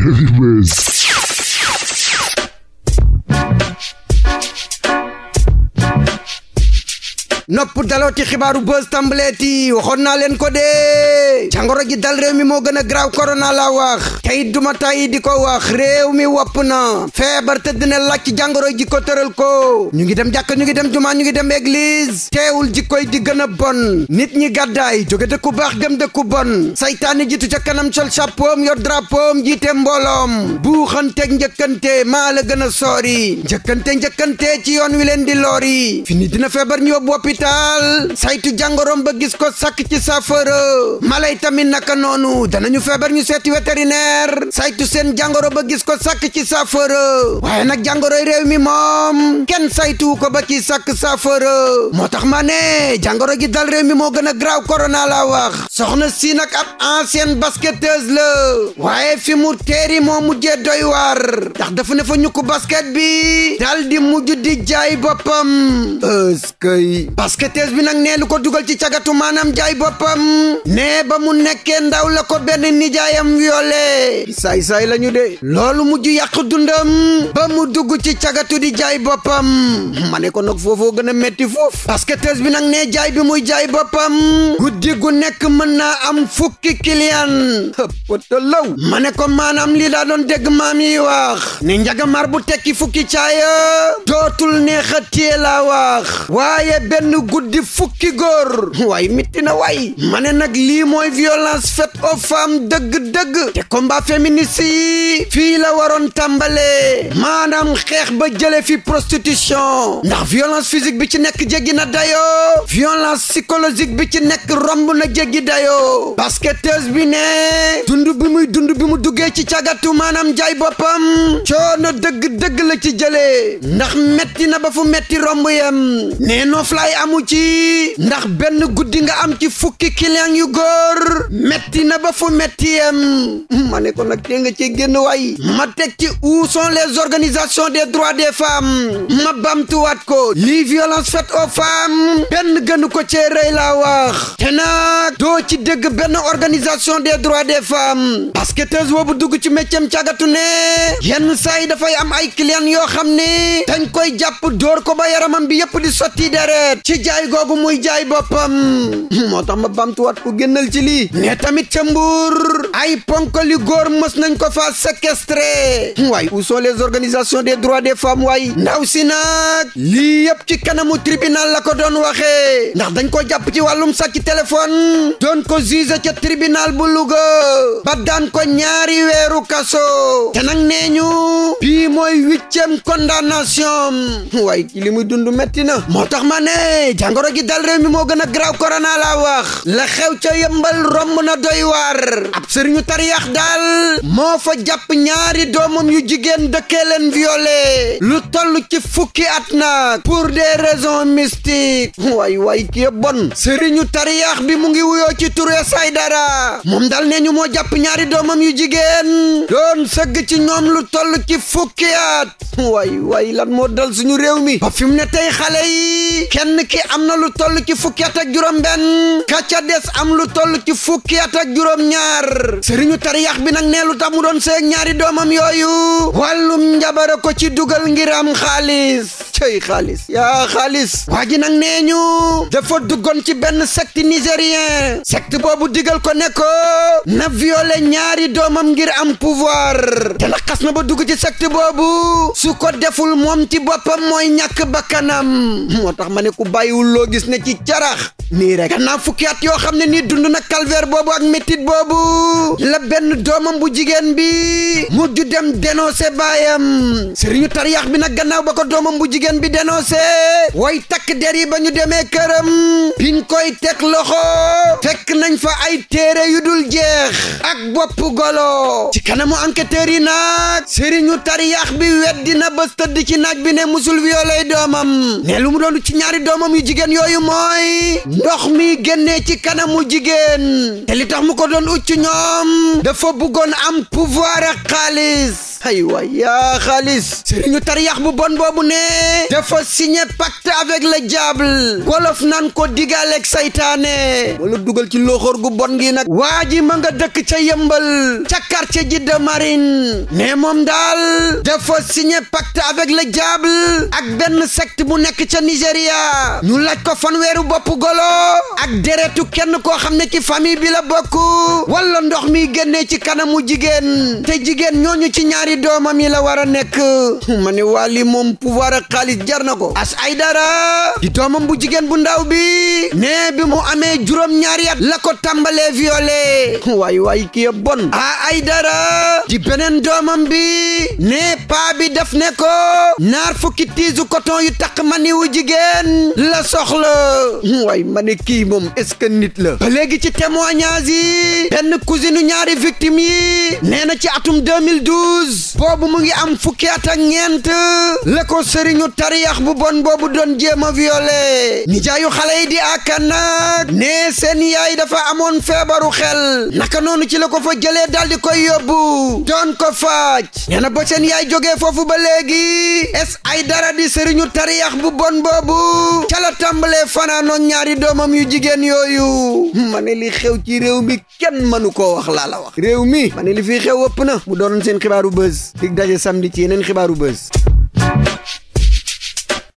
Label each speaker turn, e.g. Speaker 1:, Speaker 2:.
Speaker 1: Anyways. nopp dalooti xibaaru buzz tàmbaleeti waxoon naa leen ko dee jàngoro ji dal réew mi moo gën a graaw korona a wax te it duma tàyyi di ko wax réew mi wopp na feebar te dina laaj ci jàngoro ji ko tëral ko ñu ngi dem jàkk ñu ngi dem jumaa ñu ngi dem église teewul jikkoy di gën a bon nit ñi gàddaay jóge dëkku baax dem dëkku bon saytaani jitu ca kanam sol chapeau yor drapeau jiite mbooloom buuxanteeg njëkkante maa la gën a soori njëkkante njëkkante ci yoon wi leen di loori fini dina feebar ñu yóbbu hôpital saytu jàngoroom ba gis ko sàkk ci tamit naka noonu danañu feebar ñu seeti vétérinaire saytu seen jàngoro ba gis ko sàkk ci saafara waaye nag jàngoroy réew mi moom kenn saytu ko ba ci sàkk saafara moo tax ma ne jàngoro gi dal réew mi moo gën a graaw corona la wax soxna si nag ab ancienne basketteuse la waaye fi mu teeri moo mujjee doy waar ndax dafa ne fa ñu ko basket bi dal di mujj di jaay boppam ëskay basketteuse bi nag nee lu ko dugal ci cagatu maanaam jaay boppam nee ba mu mu nekkee ndaw la ko benn nijaayam violé saay-saay la ñu de loolu mujj yàq dundam ba mu dugg ci cagatu di jaay boppam ma ne nag foofoo gën a metti foof parce que tës bi nag nee jaay bi muy jaay boppam guddi gu nekk mën naa am fukki client law ma ne maanaam lii laa doon dégg maam yi wax ne njagamar bu tekki fukki caaya dootul neex a téye laa wax waaye benn guddi fukki góor waay mitti na waay ma ne nag lii mooy violence faite aux femmes dëgg-dëgg te fii la waroon tàmbalee maanaam xeex ba jële fi prostitution ndax violence physique bi ci nekk jéggi na dayoo violence psychologique bi ci nekk romb na jéggi dayoo basketteuse bi ne dund muy dund mu duggee ci cagatu maanaam jaay boppam coono dëgg-dëgg la ci jëlee ndax metti na ba fu metti romb yem nee noflaay amu ci ndax benn guddi nga am ci fukki client yu góor metti na ba fu metti yem ma ne ko nag tee nga ci génn waay ma teg ci où sont les organisations des droits des femmes ma bamtuwaat ko lii violence faite aux femmes benn gënu ko cee rëy laa wax te nag doo ci dégg benn organisation des droits des femmes coiffeuse boobu dugg ci méccam càggatu ne yenn saa yi dafay am ay client yoo xam ne dañ koy jàpp dóor ko ba yaramam bi yépp di sotti deret ci jaay googu muy jaay boppam hmm, moo tax ma bamtuwaat ko génnal ci lii ne tamit ca mbuur ay ponkali góor mës nañ ko faa séquestré hmm, waaye où sont les organisations des droits des femmes waaye ndaw si nag lii yépp ci kanamu tribunal la ko doon waxee ndax dañ ko jàpp ci wàllum sàcc téléphone doon ko juge ca tribunal bu Louga ba daan ko ñaari weeru kaso te nag ñu bii mooy huitième condamnation waaye li muy dund metti na moo tax ma ne jàngoro gi dal moo gën a graw korona laa ca yëmbal romb na doy waar ab sëriñu tariyax daal moo fa jàpp ñaari doomam yu jigéen dëkkee leen violé lu toll ci fukki at nag pour des raisons mystiques waay waay ki sëriñu tariyax bi mu ngi wuyoo ci turu Saydara moom dal nee ñu moo jàpp ñaari doomam yu yu jigéen doon sëgg ci ñoom lu toll ci fukki at waay lan moo dal suñu réew mi ba fi mu ne tey xale yi kenn ki am na lu toll ci fukki at ak juróom-benn kàcca des am lu toll ci fukki at ak juróom-ñaar sëriñu tariyax bi nag nee lu tax mu doon seeg ñaari doomam yooyu wàllum njabara ko ci dugal ngir am xaalis cay xaalis yaa xaalis waa ji nag nee ñu dafa duggoon ci benn secte nigérien secte boobu digal ko ne na violé ñaari doomam ngir am pouvoir te nag xas na ba dugg ci secte boobu su ko deful moom ci boppam mooy ñàkk bakkanam moo tax ma ne ku bàyyiwul loo gis ne ci carax nii rek gannaaw fukki at yoo xam ne nii dund na calvaire boobu ak métit boobu la benn doomam bu jigéen bi mujj dem dénoncé baayam sëriñu tariyaax bi na gannaaw ba ko doomam bu jigéen jigéen bi dénoncé way takk der yi ba ñu demee këram biñ koy teg loxo fekk nañ fa ay téere yu dul jeex ak bopp golo ci kanamu enquêteurs yi nag sëriñu tariyax bi weddi na ba tëdd ci naaj bi ne musul violé doomam ne lu mu doon ci ñaari doomam yu jigéen yooyu mooy ndox mi génnee ci kanamu jigéen te li tax mu ko doon ucc ñoom dafa bëggoon am pouvoir xaalis ay wa yaa xaalis sëriñu tariyaax bu bon boobu ne dafa signé pacte avec la diable wolof nan ko digaaleeg seytaane wala dugal ci loxoor gu bon gi nag waa ji ma dëkk ca yëmbal ca quartier ji de marine mais moom daal dafa signé pacte avec le diable ak benn secte bu nekk ca Nigéria ñu laaj ko fanweeru bopp golo ak deretu kenn koo xam ne ci famille bi la bokk walla ndox mi génnee ci kanamu jigéen te jigéen ñooñu ci ñaari ñaari doomam yi la war a nekk ma ne waa li moom pouvoir ak xaalis jar na ko as ay dara di doomam bu jigéen bu ndaw bi nee bi mu amee juróom ñaari at la ko tàmbalee violé waay waay kii yëpp bon a ay dara di beneen doomam bi nee paa bi daf ne ko naar fukki tiisu coton yu takk mani wu jigéen la soxla waay ma kii moom est la ba léegi ci témoignage yi benn cousinu ñaari victime yi nee ci atum boobu mu ngi am fukki at ak ñeent la ko sëriñu tariyax bu bon boobu doon jéem a violé nijaayu xale yi di akanaag ne seen yaay dafa amoon feebaru xel naka noonu ci la ko fa jëlee dal di koy yóbbu doon ko faaj nee na ba seen yaay jógee foofu ba léegi es ay dara di sëriñu tariyax bu bon boobu ca la tàmbalee fanaanoo ñaari doomam yu jigéen yooyu ma ne xew ci réew mi kenn mënu koo wax laa la wax réew mi ma fi xew ëpp na mu doon seen xibaaru bës Buzz dig daje samedi ci yeneen xibaaru Buzz.